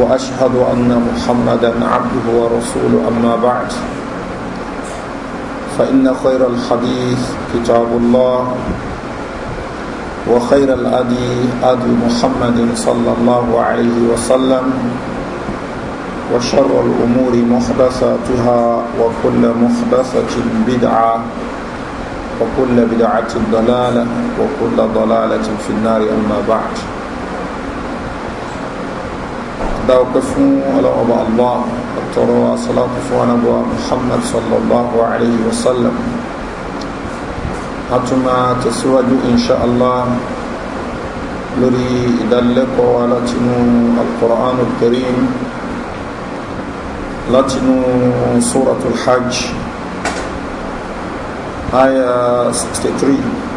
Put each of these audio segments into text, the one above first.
واشهد ان محمدا عبده ورسوله اما بعد فان خير الحديث كتاب الله وخير الادي ادي محمد صلى الله عليه وسلم وشر الامور محدثاتها وكل محدثه بدعه وكل بدعه ضلاله وكل ضلاله في النار اما بعد da ọpẹ́ fún ọlọ́ọ̀bà allah àtọrọ asọ́láàkù fún anábọ̀ muhammad sallallahu alayhi wa sallam a tún máa tẹ̀síwájú insha allah lórí ìdánilẹ́kọ̀ọ́ wa látinú alkùránù karim látinú suratul hajj aya 63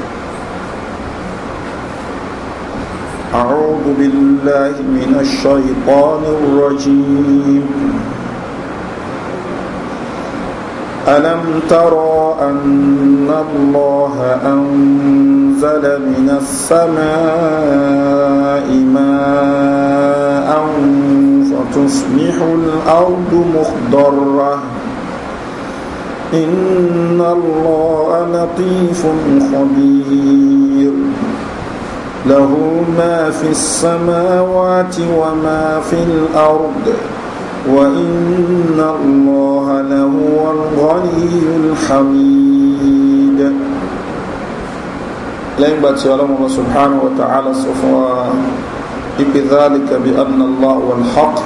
أعوذ بالله من الشيطان الرجيم ألم ترى أن الله أنزل من السماء ماء فتصبح الأرض مخضرة إن الله لطيف خبير له ما في السماوات وما في الأرض وإن الله لهو الغني الحميد لين باتي الله سبحانه وتعالى صفوا بذلك بأن الله والحق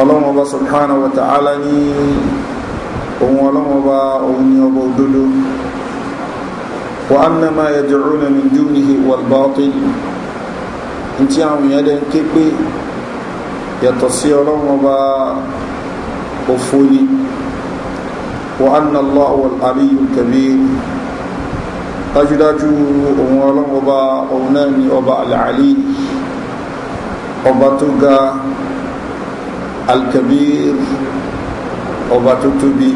الله سبحانه وتعالى ni ohun ọlọ́mọba ohun ni ọba òdodo وأن ما يدعون من دونه والباطل انتي عم يدن كيكي يتصيرون وبا أفولي وأن الله والعلي الكبير أجداجو أموالهم وبا أوناني وبا العلي وباتوغا الكبير وباتوتوبي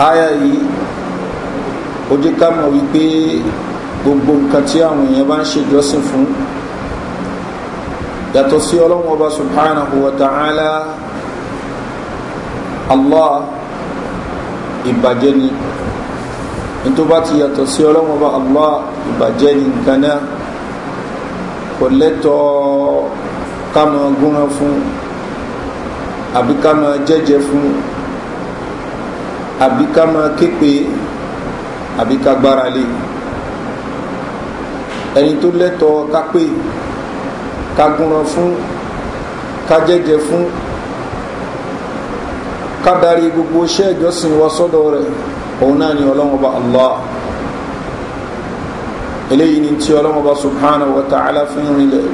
آية ó jẹ́ ká mọ̀ wípé gbogbo nǹkan tí àwọn èèyàn bá ń ṣe jọ́sìn fún yàtọ̀ sí ọlọ́run ọba subhanahu wa ta'ala allah ìbàjẹ́ ni nítorí bá ti yàtọ̀ sí ọlọ́run ọba allah ìbàjẹ́ ni nǹkan náà kò lẹ́tọ̀ọ́ ká mọ gúnran fún àbí ká mọ jẹ́jẹ́ fún àbí ká mọ képe àbí ká gbára lé ẹni tó lẹ́tọ̀ọ́ ká pè ká gúnran fún ká jẹ́jẹ́ fún ká darí gbogbo iṣẹ́ ìjọsìn wa sọ́dọ̀ rẹ̀ òun náà ni ọlọ́mọba allah eléyìí ni tí ọlọ́mọba subhanahu wa ta'ala fi ń rinlẹ̀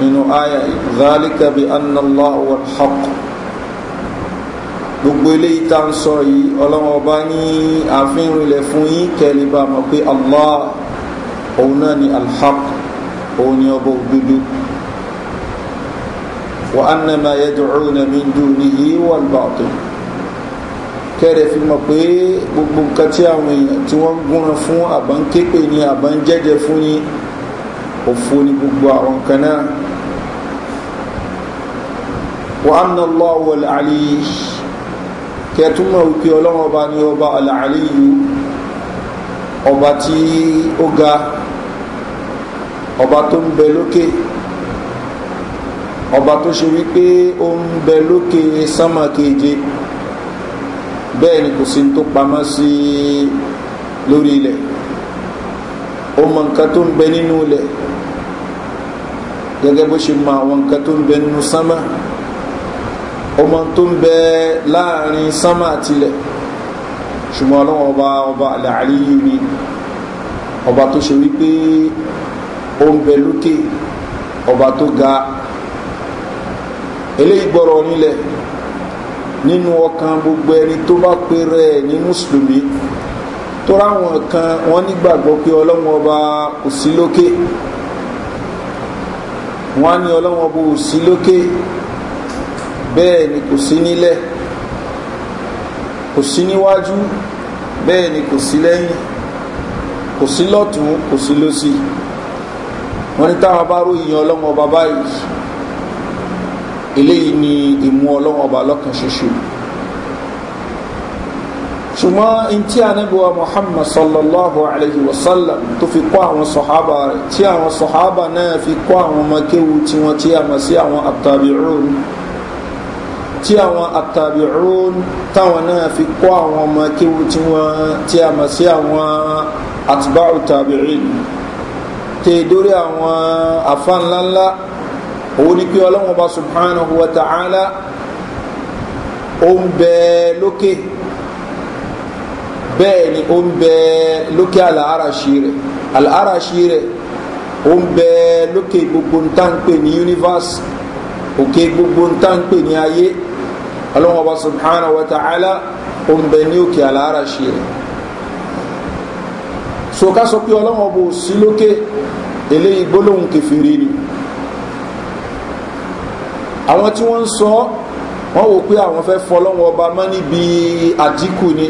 nínú aya dhalika bi anna allah gbogbo eléyìí tá ń sọ yìí ọlọ́wọ́n ọba ní àfihàn ilẹ̀ fún yín kẹ́lẹ́ bá mọ̀ pé allah òun náà ni alhaq òun ni ọba òdodo wa annama yad'una min dunihi wal batil kẹ́rẹ̀ fi mọ̀ pé gbogbo nǹkan tí àwọn èèyàn tí wọ́n gúnran fún àbá ń képe ni àbá ń jẹ́jẹ́ fún ni òfo ni gbogbo àwọn nǹkan náà wa annallahu wal aliyu kẹtùmọ̀ wípé ọlọ́run ọba ní ọba alàáríyù ọba tí ó ga ọba tó ń bẹ lókè ọba tó ṣe wípé ó ń bẹ lókè sánmà keje bẹ́ẹ̀ ni kò sí tó pamọ́ sí lórí ilẹ̀ ó mọ nǹkan tó ń bẹ nínú ilẹ̀ gẹ́gẹ́ bó ṣe mọ àwọn nǹkan tó ń bẹ nínú sánmà ọmọ tó ń bẹ láàrin sánmà tilẹ̀ ṣùgbọ́n ọlọ́wọ́ ọba ọba àlàárí yìí ni ọba tó ṣe wípé ó ń bẹ lókè ọba tó ga eléyìí gbọ́rọ̀ nílẹ̀ nínú ọkàn gbogbo ẹni tó bá péré ẹ̀ ní mùsùlùmí tó ráwọn kan wọ́n nígbàgbọ́ pé ọlọ́wọ́n ọba kò sí lókè wọ́n á ní ọlọ́wọ́n sí lókè bẹ́ẹ̀ ni kò sí nílẹ̀ kò sí níwájú bẹ́ẹ̀ ni kò sí lẹ́yìn kò sí lọ́tún kò sí lọ́sí wọ́n ní táwọn bá ròyìn ọlọ́wọ́ ọba báyìí eléyìí ni ìmú ọlọ́wọ́ ọba lọ́kàn ṣoṣo ṣùgbọ́n tí a níbiwa muhammad sallallahu alayhi wa sallam tó fi kọ́ àwọn sọ̀hábà rẹ̀ tí àwọn sọ̀hábà náà fi kọ́ àwọn ọmọ kéwu tiwọn tí a sí àwọn àtàbí rúurú tí àwọn àtàbíhún táwọn náà fi kọ́ àwọn ọmọ kéwu tí wọ́n tí a mọ̀ sí àwọn àtibáwò tàbíhìn tèdórí àwọn àfa ńláńlá òun ni pé ọlọ́run bá subhanahu wa ta'ala ó ń bẹ lókè bẹ́ẹ̀ ni ó ń bẹ lókè àlàáràṣí rẹ̀ àlàáràṣí rẹ̀ ó ń bẹ lókè gbogbo ntánpè ní universe òkè gbogbo ntánpè ní ayé ọlọ́wọ́n ọba subhanahu wa ta'ala ó ń bẹ ní òkè àlàárà ṣe rẹ̀ so ká sọ pé ọlọ́wọ́n ọba ò sí lókè eléyìí gbólóhùn kẹfìrí ni àwọn tí wọ́n ń sọ wọ́n wò pé àwọn fẹ́ fọ ọlọ́wọ́n ọba mọ́ ni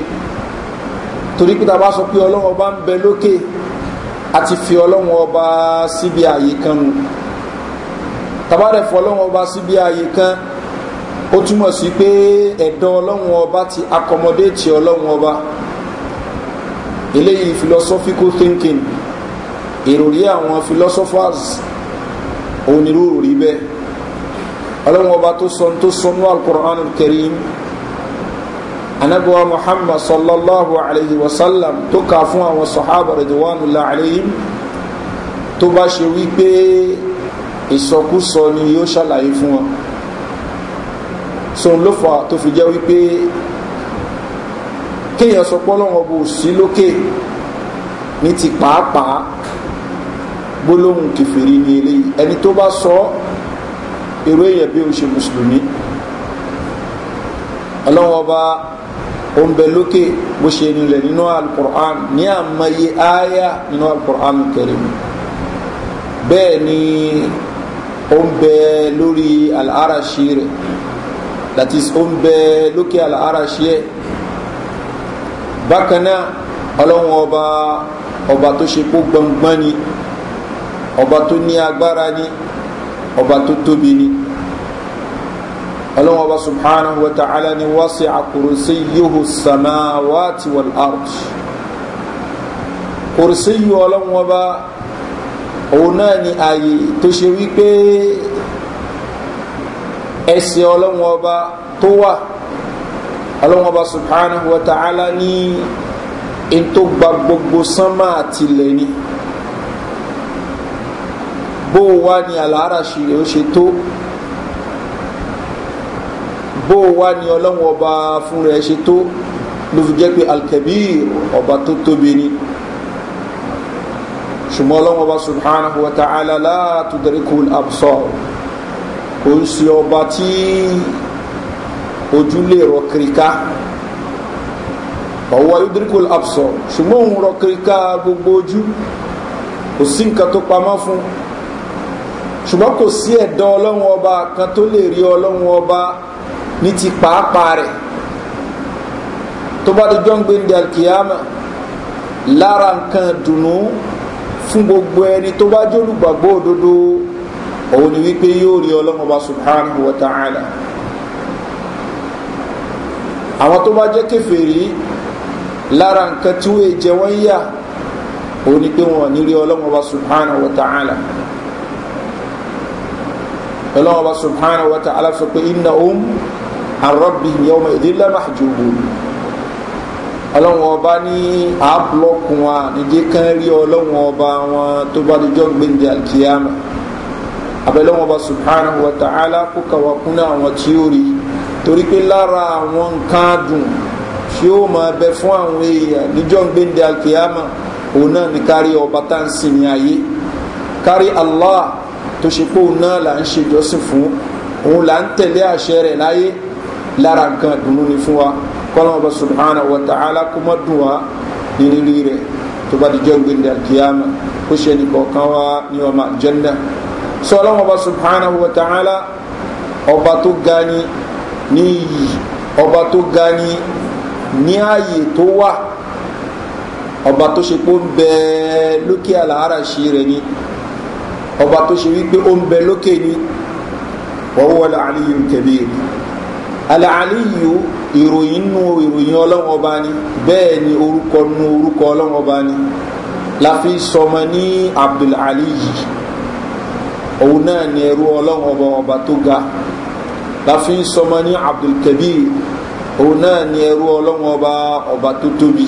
torí pé ta bá sọ pé ọlọ́wọ́n ọba ń fi ọlọ́wọ́n ọba síbi àyè kan nu tàbá rẹ̀ fọ ọlọ́wọ́n kan ó túmọ̀ sí pé ẹ̀dọ́ ọlọ́run ọba ti accommodate ọlọ́run ọba eléyìí philosophical thinking ìròrí àwọn philosophers onírúurú rí bẹ́ẹ̀ ọlọ́run ọba tó sọ tó sọnú alukur'an kẹrin anabuwa muhammad sallallahu alayhi wa sallam tó kà fún àwọn sahaba rẹ̀díwánu làálẹ́yìn tó bá ṣe wípé ìsọkúsọ ni yóò ṣàlàyé fún wọn sóun ló fà tó fi jẹ́ wípé kéèyàn sọ pọ́lọ́wọ́ bò sí lókè ní ti pàápàá gbólóhùn kẹfìrí ní eléyìí ẹni tó bá sọ èrò èèyàn bí o ṣe mùsùlùmí ọlọ́wọ́ bá o ń bẹ lókè bó ṣe nílẹ̀ nínú alukur'an ní àmọye aya nínú alukur'an kẹrin bẹ́ẹ̀ ni o ń bẹ lórí al'arashi rẹ̀ that is ó ń bẹ lókè ara ṣe ẹ bákan náà ọlọ́run ọba ọba tó ṣe kó gbọngbọ́n ni ọba tó ní agbára ni ọba tó tóbi ni ọlọ́run ọba subhanahu wa ta'ala ni wọ́n ṣe àkùrọ̀sí yóò samawati wal art kùrọ̀sí yóò ọlọ́run ọba òun náà ni ààyè tó ṣe wípé ẹ̀sìn ọlọ́wọ́n ọba tó wà ọlọ́wọ́n ọba subhanahu wa ta'ala ní in tó gba gbogbo sánmà ni bó wá ní àlàárà ṣìlẹ̀ ó ṣe tó bó wá ní ọlọ́wọ́n ọba fún rẹ̀ ṣe tó ló fi jẹ́ pé ni ṣùgbọ́n ọlọ́wọ́n ọba subhanahu wa ta'ala látúdarí kúl absorb kò ń ṣe ọba tí ojú lè rọ kiriká ọwọ́ yudrikul absor ṣùgbọ́n òun rọ kiriká gbogbo ojú kò sí nǹkan tó pamọ́ fún ṣùgbọ́n kò sí ẹ̀dọ́ ọlọ́run ọba kan tó lè rí ọlọ́run ọba ní ti pàápàá rẹ̀ tó bá di jọ́ǹgbé ní alkiyama lára nǹkan dùnú fún gbogbo ẹni tó bá jólùgbàgbọ́ òdodo òun ni wípé yóò rí ọlọ́run ọba subhanahu wa ta'ala àwọn tó bá jẹ́ kẹfẹ́rí lára nǹkan tí wọ́n jẹ wọ́n yà òun ni pé wọn ní rí ọlọ́run ọba subhanahu wa ta'ala ọlọ́run ọba subhanahu wa ta'ala sọ pé iná òun àrọ́bì yọmọ ìdílé màjúbù ọlọ́run ọba ní àbúlọ́kùn wa nídìí kan rí ọlọ́run ọba wọn tó bá dojọ́ gbẹ̀ndẹ̀ alkiyama abẹ́lẹ́wọ̀n ọba subhanahu wa ta'ala kó kàwá kúnná àwọn tí ó rí torí pé lára àwọn nǹkan dùn tí ó máa bẹ fún àwọn èèyàn níjọ́ gbéńdé alkiyama òun náà ni kárí ọba tá ń sìn ní ayé kárí allah tó ṣe pé òun náà là ń ṣèjọsìn fún òun là ń tẹ̀lé àṣẹ rẹ̀ láyé lára nǹkan dùnú ni fún wa kọ́lọ́n ọba subhanahu wa ta'ala kó má dùn wá ní rírí rẹ̀ tó bá dijọ́ gbéńdé alkiyama ó ṣe ẹnì wá ní ọmọ jẹ́ndà sọ ọlọ́run ọba subhanahu wa ta'ala ọba tó ga ni ní iyì ọba tó ga ni ní ààyè tó wà ọba tó ṣe pé ó ń bẹ lókè àlàárà ṣe rẹ ni ọba tó ṣe wípé ó ń bẹ lókè ni wọ́n wọ́n làálíyù kẹ̀bíyì àlàálíyù ìròyìn nù ìròyìn ọlọ́run ọba ni bẹ́ẹ̀ ni orúkọ nù orúkọ ọlọ́run ọba ni la fi sọmọ ní abdulaliyi òun náà ni ẹrú ọlọ́run ọba ọba tó ga láfin sọmọ ní abdulkabir òun náà ni ẹrú ọlọ́run ọba ọba tó tóbi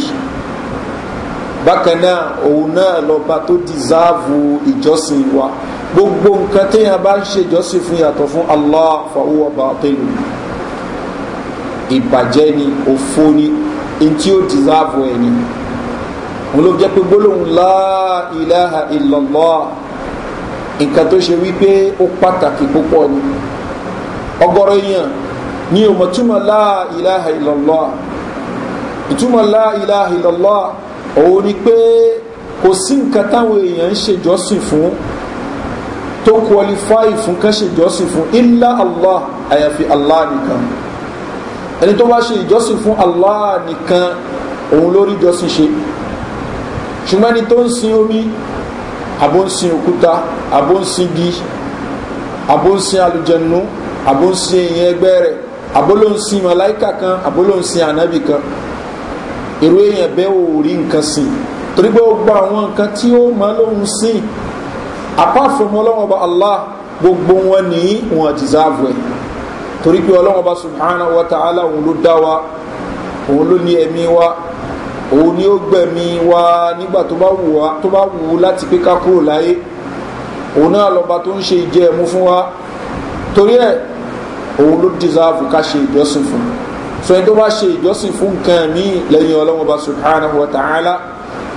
bákan náà òun náà lọba tó dìsáàvù ìjọsìn wa gbogbo nǹkan téèyàn bá ń ṣe ìjọsìn fún yàtọ̀ fún allah fàwọ́ bàtẹ́lù ìbàjẹ́ ni òfo ni ntí ó dìsáàvù ẹ̀ ni wọn ló jẹ́ pé gbólóhùn láà ilaha illallah nǹkan tó ṣe wípé ó pàtàkì púpọ̀ ni ọgọ́rọ̀ èèyàn ní o mọ̀ túmọ̀ láàíláà ìlọ́lọ́ ìtumọ̀ láàíláà ìlọ́lọ́ òun ni pé kò sí nǹkan táwọn èèyàn ń ṣèjọ́sìn fún tó kọlifáì fún kán ṣèjọ́sìn fún ilá allah àyàfi allah nìkan ẹni tó bá ṣe ìjọ́sìn fún allah nìkan òun lórí ìjọ́sìn ṣe ṣùgbọ́n ẹni tó ń sin omi abóńsìn òkúta abóńsìn di, abóńsìn alùjẹnu abóńsìn èèyàn ẹgbẹ́ rẹ̀ abólóńsìn màláìkà kan abólóńsìn ànábì kan èrò èèyàn bẹ́ẹ̀ ò rí nǹkan sìn torí pé ó gba àwọn nǹkan tí ó máa lóhun sìn apart from ọlọ́wọ́n bá allah gbogbo wọn ní wọn ti záàbù ẹ̀ torí pé ọlọ́wọ́n bá subhanahu wa ta'ala òun ló dá wa òun ló ní ẹ̀mí wa òun ni ó gbẹ̀mí wa nígbà tó bá wù wá tó bá wù ú láti pé ká kúrò láyé òun náà lọ́ba tó ń ṣe ìjẹ ẹ̀mú fún wa torí ẹ̀ òun ló dìsáàfù ká ṣe ìjọsìn fún so ẹni tó bá ṣe ìjọsìn fún nǹkan míì lẹ́yìn ọlọ́wọ́n bá subhanahu wa ta'ala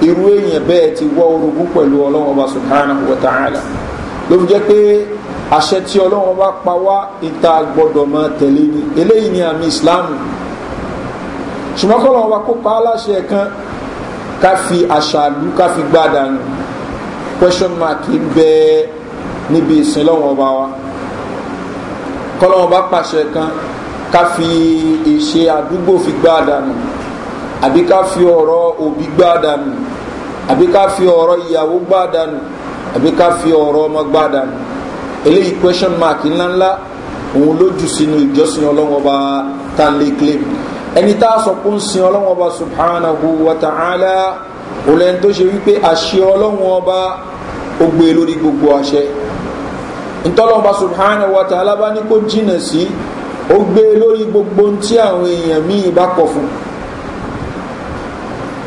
irú èèyàn bẹ́ẹ̀ ti wọ́ orogún pẹ̀lú ọlọ́wọ́n bá subhanahu wa ta'ala ló fi jẹ́ pé àṣẹ tí ọlọ́wọ́n bá pa wá ìta gbọ́dọ̀ máa tẹ̀lé ni eléyìí ni àmì ìsìláàmù ṣùgbọ́n kọ́ lọ́wọ́ kó pa á láṣẹ kan ká fi àṣàlù ká fi gbá dànù question mark ń bẹ níbi ìsìn lọ́wọ́ ọba wa kọ́ lọ́wọ́ bá pàṣẹ kan ká fi ìṣe àdúgbò fi gbá dànù àbí ká fi ọ̀rọ̀ òbí gbá dànù àbí ká fi ọ̀rọ̀ ìyàwó gbá dànù àbí ká fi ọ̀rọ̀ ọmọ gbá dànù eléyìí question mark ńláńlá òun ló jù sínú ìjọsìn ọlọ́wọ́ bá tá a lè claim ẹni tá a sọ pé ń sin ọlọ́wọ́n ọba subhanahu wa ta'ala olẹ́ni tó ṣe wípé àṣẹ ọlọ́wọ́n ọba ó gbé e lórí gbogbo àṣẹ ntọ́lọ́wọ́n ọba subhanahu wa ta'ala bá ní kó jìnà sí ó gbé e lórí gbogbo tí àwọn èèyàn míì bá kọ̀ fún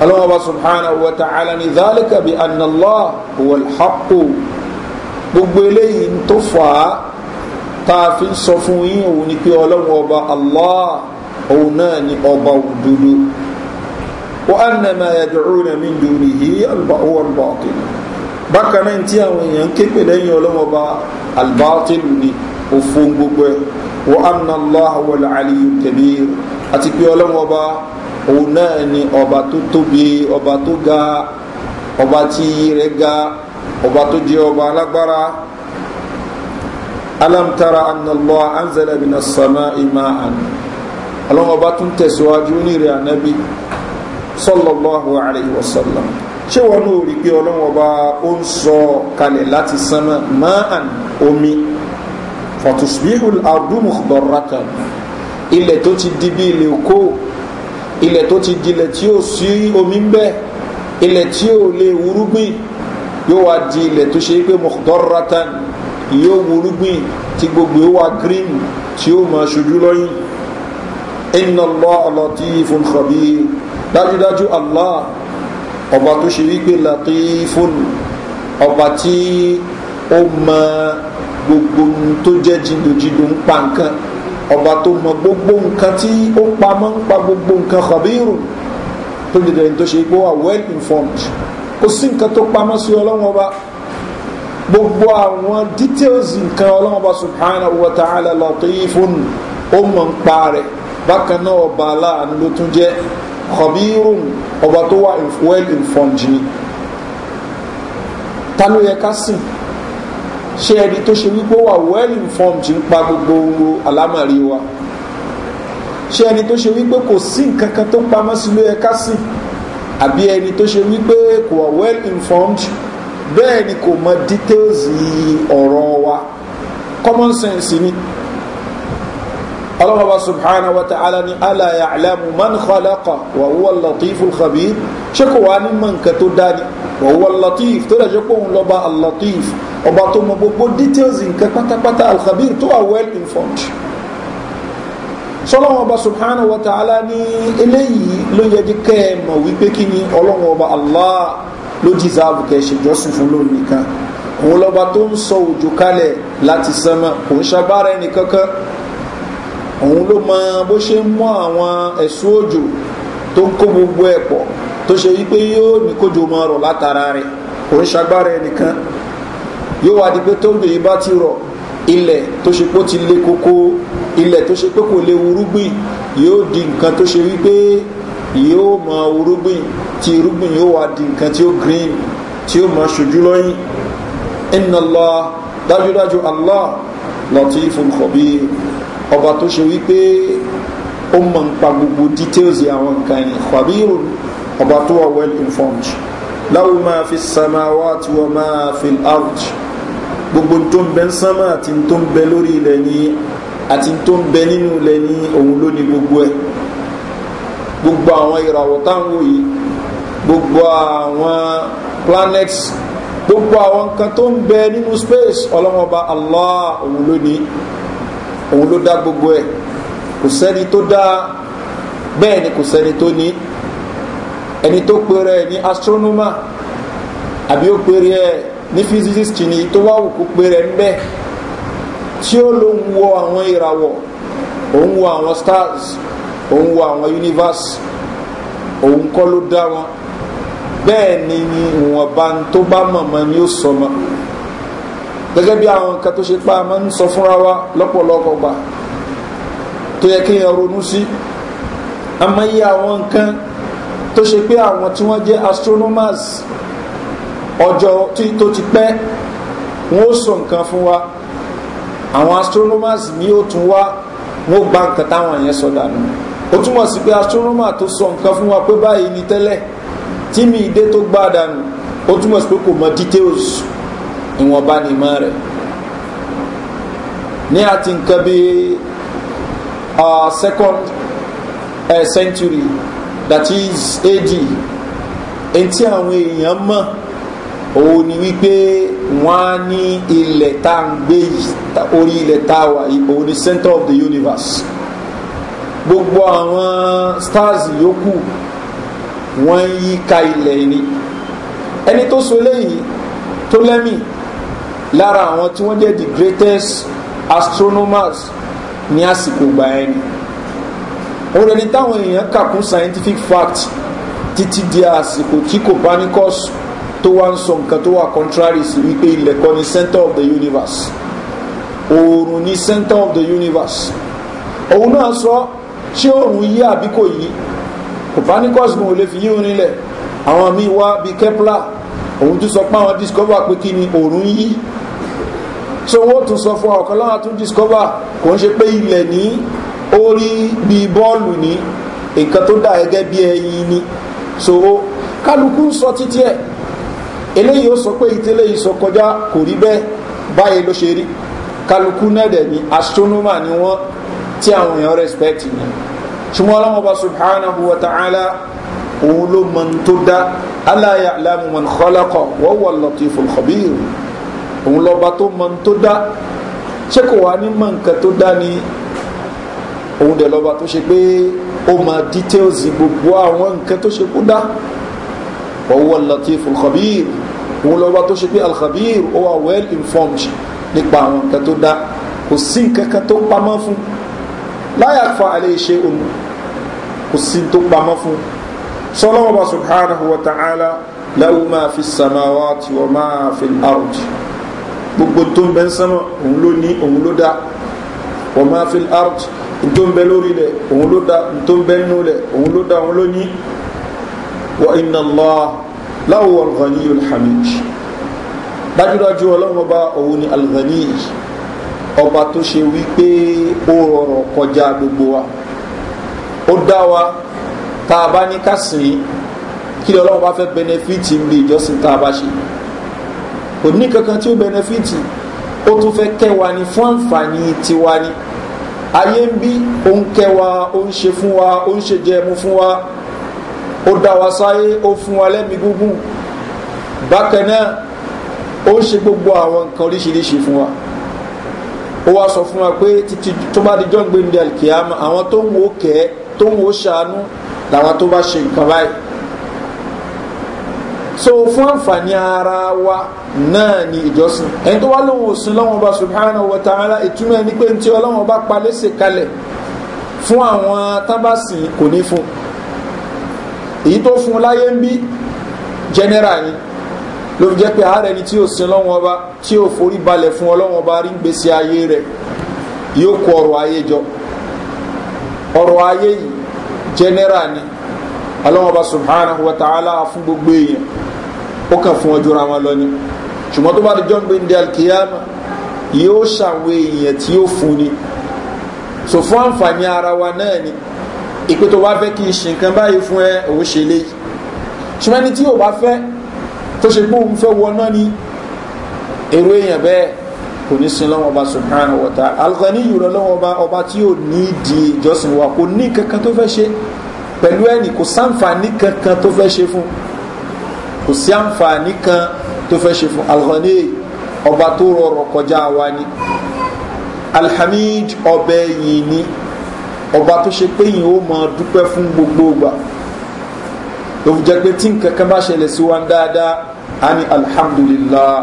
ọlọ́wọ́n ọba subhanahu wa ta'ala ní dhalika bi anna allah huwa gbogbo eléyìí tó fà á tá a fi sọ fún yín òun ni pé ọlọ́wọ́n ọba allah òun náà ni ọba òdodo wa annama yad'una min dunihi huwa al-batil bákan náà tí àwọn èèyàn ń ké pè lẹ́yìn ọlọ́mọba al-batil ni òfin gbogbo ẹ̀ wa anna Allaha wal aliyyul kabir àti pé ọlọ́mọba òun náà ni ọba tó tóbi ọba tó ga ọba tí rẹ̀ ga ọba tó jẹ́ ọba alágbára alam tara anzala minas sama'i ma'an ọlọ́wọ́ bá tún tẹ̀síwájú ní rẹ̀ ànábì sallallahu alayhi wa sallam ṣé wọn náà rí pé ọlọ́wọ́ bá ó ń sọ kalẹ̀ láti sánmà máàn omi fatusbihul ardumu khudoratan ilẹ̀ tó ti di bí ilẹ̀ oko ilẹ̀ tó ti di ilẹ̀ tí ó sí omi ń bẹ ilẹ̀ tí ó lè wúrúgbìn yóò wá di ilẹ̀ tó ṣe pé mọ̀kúdọ́rọ́tàn yóò wúrúgbìn tí gbogbo yóò green tí ó máa ṣojú lọ́yìn inna allah latifun khabir dájúdájú allah ọba tó ṣe wípé latifun ọba tí ó mọ gbogbo tó jẹ́ jìndòjìndò ń pa nǹkan ọba tó mọ gbogbo nǹkan tí ó pamọ́ ń pa gbogbo nǹkan khabirun tó dìde tó ṣe pé well informed kò sí nǹkan tó pamọ́ sí ọlọ́wọ́n ọba gbogbo àwọn details nǹkan ọlọ́wọ́n ọba subhanahu wa ta'ala latifun ó mọ̀ ń pa rẹ̀ bákan náà ọba aláàánú ló tún jẹ́ khabirun ọba tó wà well informed ni ta ló yẹ ká sìn ṣé ẹni tó ṣe wípé ó wà well informed nípa gbogbo ohun àlámàrí wa ṣé ẹni tó ṣe wípé kò sí nǹkan kan tó pamọ́ sí ló yẹ ká sìn àbí ẹni tó ṣe wípé kò wà well informed bẹ́ẹ̀ ni kò mọ details ọ̀rọ̀ wa common sense ni ọlọ́run ọba subhanahu wa ta'ala ni alaya alamu man khalaqa wa huwa latif alkhabir ṣé kò wá ní mọ nǹkan tó dání wa huwa latif tó dàjẹ́ pé òun lọ́ba alatif ọba tó mọ gbogbo details nǹkan pátápátá alkhabir tó wà well informed sọlọ́wọ́n ọba subhanahu wa ta'ala ní eléyìí ló yẹ di kẹ́ wípé kí ni ọlọ́wọ́n ọba allah ló dìsáàbù kẹ́ ẹ fún lónìí nìkan òun lọ́ba tó ń sọ òjò kalẹ̀ láti sánmọ́ kò ń ṣàbára ẹnì kankan òun ló mọ bó ṣe ń mọ àwọn ẹ̀sùn òjò tó ń kó gbogbo ẹ̀ pọ̀ tó ṣe wípé yóò ní kójò máa rọ̀ látara rẹ̀ òun ṣagbára ẹnìkan yóò wá di pé tó lè bá ti rọ̀ ilẹ̀ tó ṣe pé ó ti le koko ilẹ̀ tó ṣe pé kò lè wúrúgbìn yóò di nǹkan tó ṣe wípé yóò mọ wúrúgbìn tí irúgbìn yóò wá di nǹkan tí ó green tí ó mọ ṣojú lọ́yìn inna dájúdájú allah latifun khabir ọba tó ṣe wípé ó mọ̀ ń pa gbogbo details àwọn nǹkan ẹni fàbírò ọba tó wà well informed láwù máa fi samáwá tí wọ́n máa fi out gbogbo tó ń bẹ ń sánmà àti tó ń bẹ lórí ilẹ̀ ní àti tó ń bẹ nínú ilẹ̀ ní òun ló gbogbo ẹ̀ gbogbo àwọn ìràwọ̀ táwọn yìí gbogbo àwọn planets gbogbo àwọn nǹkan tó ń bẹ nínú space ọlọ́mọba allah òun ló òun ló dá gbogbo ẹ̀ kò sẹ́ni tó dá bẹ́ẹ̀ ni kò sẹ́ni tó ní ẹni tó pèrè ẹ̀ ní astronomer àbí ó pèrè ẹ̀ ní physicist ni tó wá wù kó pèrè ẹ̀ ń bẹ́ẹ̀ tí ó ló ń wo àwọn ìràwọ̀ òun wo àwọn stars òun wo àwọn universe òun kọ́ ló dá wọn bẹ́ẹ̀ ni ìwọ̀nba tó bá mọ̀mọ́ ni ó sọmọ́. So gẹ́gẹ́ bí àwọn nǹkan tó ṣe pa máa ń sọ fúnra wa lọ́pọ̀lọpọ̀ gbà tó yẹ kí èèyàn ronú sí amáyé àwọn nǹkan tó ṣe pé àwọn tí wọ́n jẹ́ astronomers ọjọ́ tó ti pẹ́ wọ́n ó sọ nǹkan fún wa àwọn astronomers ní ó tún wá wọ́n gba nǹkan táwọn yẹn sọ dànù ó túmọ̀ sí pé astronomer tó sọ nǹkan fún wa pé báyìí ni tẹ́lẹ̀ tí mi ìdé tó gbá dànù ó túmọ̀ sí pé kò mọ details ìwọ̀nba ni ìmọ̀ rẹ̀ ní àti nǹkan bí second uh, century that is AD etí àwọn èèyàn mọ̀ òun ni wípé wọ́n á ní ilẹ̀ tá à ń gbé orí ilẹ̀ tá a wà yìí òun ni center of the universe gbogbo àwọn stars yòókù wọ́n yí ka ilẹ̀ ni ẹni tó so léyìí tó lẹ́mìí lára àwọn tí wọ́n jẹ́ the greatest astronomers ní àsìkò gbà ẹ̀ ni òun ẹni táwọn èèyàn kà scientific fact títí di àsìkò tí copernicus tó wá ń sọ nǹkan tó wà contrary sí wípé ilẹ̀ ni center of the universe oòrùn ni center of the universe òun náà sọ ṣé oòrùn yí àbí kò yí copernicus gan ò lè fi yí òun nílẹ̀ àwọn míì wá bíi kepler òun tún sọ pé àwọn discover pé kí ni oòrùn yí so wọ́n tún sọ fún ọ̀kan láwọn tún discover kò ń ṣe pé ilẹ̀ ní orí bí bọ́ọ̀lù ní nǹkan tó dà gẹ́gẹ́ bí ẹyin ni so kálukú sọ títí ẹ̀ eléyìí ó sọ pé ìtẹ́lẹ̀ yìí sọ kọjá kò rí bẹ́ẹ̀ báyìí ló ṣe rí kálukú náà ni astronomer ni wọ́n tí àwọn èèyàn respect ni ṣùgbọ́n ọlọ́wọ́n bá subhanahu wa ta'ala òun ló mọ̀ tó dá aláyà lámùmọ̀ nǹkan lọ́kọ̀ wọ́n lọ́tí fòlùkọ̀bí ìrù òun lọ́ba tó mọ n tó dá ṣé kò wá ní mọ nǹkan tó dá ni òun dẹ̀ lọ́ba tó ṣe pé ó mọ details gbogbo àwọn nǹkan tó ṣe kó dá ọwọ́ latif alkhabir òun lọ́ba tó ṣe pé alkhabir ó wà well informed nípa àwọn nǹkan tó dá kò sí nǹkan tó pamọ́ fún láyà fa òun kò sí tó pamọ́ fún sọlọ́wọ́ subhanahu wa ta'ala láwùmá fi sàmáwá tí wọ́n máa fi àrùjì gbogbo tó ń bẹ ń sánmà òun ló ní òun ló dá wọ́n máa fi art tó ń bẹ lórí ilẹ̀ òun ló dá tó ń bẹ nínú ilẹ̀ òun ló dá òun ló ní wa iná lọ láwọ alghani alhamid dájúdájú ọlọ́run ọba òun ni alghani ọba tó ṣe wípé ó rọrọ̀ kọjá gbogbo wa ó dá wa tá a bá ní ká sìn kí ọlọ́run bá fẹ́ benefit ń bí ìjọsìn tá a bá ṣe kò ní kankan tí ó bẹnẹfìtì ó tún fẹ́ kẹwa ni fún àǹfààní tiwa ni ayé ń bí ó ń kẹwa ó ń ṣe fún wa ó ń ṣe jẹmu fún wa ó dá wa sáyé ó fún wa lẹ́mí gúngún bákan náà ó ń ṣe gbogbo àwọn nǹkan oríṣiríṣi fún wa ó wá sọ fún wa pé títí tó bá di jọ́ǹgbé ní alkiyama àwọn tó ń wo kẹ́ tó ń wo ṣàánú làwọn tó bá ṣe nǹkan báyìí so fún àǹfààní ara wa náà ni ìjọsìn ẹni tó wá lóhun òsìn lọ́wọ́n ọba subhanahu wa ta'ala ìtumọ̀ ẹni pé tí ọlọ́wọ́n ọba pa kalẹ̀ fún àwọn tábàsì kò ní fún èyí tó fún láyé ń bí general ni ló fi jẹ́ pé ààrẹ ni tí ó sin lọ́wọ́n ọba tí ó forí balẹ̀ fún ọlọ́wọ́n ọba rí ń gbèsè ayé rẹ̀ yóò kó ọrọ̀ ayé jọ ọrọ̀ ayé yìí general ni ọlọ́wọ́n ọba Subhana wa ta'ala fún gbogbo èèyàn ó kàn fún ọjọ́ wọn lọ ni ṣùgbọ́n tó bá di jọ́ǹgbé ní alkiyama yóò ṣàwọn èèyàn tí yóò fún ni so fún àǹfààní ara wa náà ni ìpè tó bá fẹ́ kí n ṣe nǹkan báyìí fún ẹ òun ṣe lé ṣùgbọ́n ẹni tí yóò bá fẹ́ tó ṣe pé fẹ́ wọ náà ni èrò èèyàn bẹ́ẹ̀ kò ní sin lọ́wọ́ ọba subhanahu wa ta'ala alghani yìí lọ́wọ́ ọba ọba tí yóò ní di ìjọsìn wa kò ní kankan tó fẹ́ ṣe pẹ̀lú ẹni kò sáǹfààní kankan tó fẹ́ ṣe fún kò sí àǹfààní kan tó fẹ́ ṣe fún alghani ọba tó rọrọ̀ kọjá wa ni alhamid ọbẹ̀ yìí ni ọba tó ṣe pé yìí ó mọ dúpẹ́ fún gbogbo ìgbà tó fi jẹ́ pé tí nǹkan bá ṣẹlẹ̀ sí wa dáadáa á ní alhamdulillah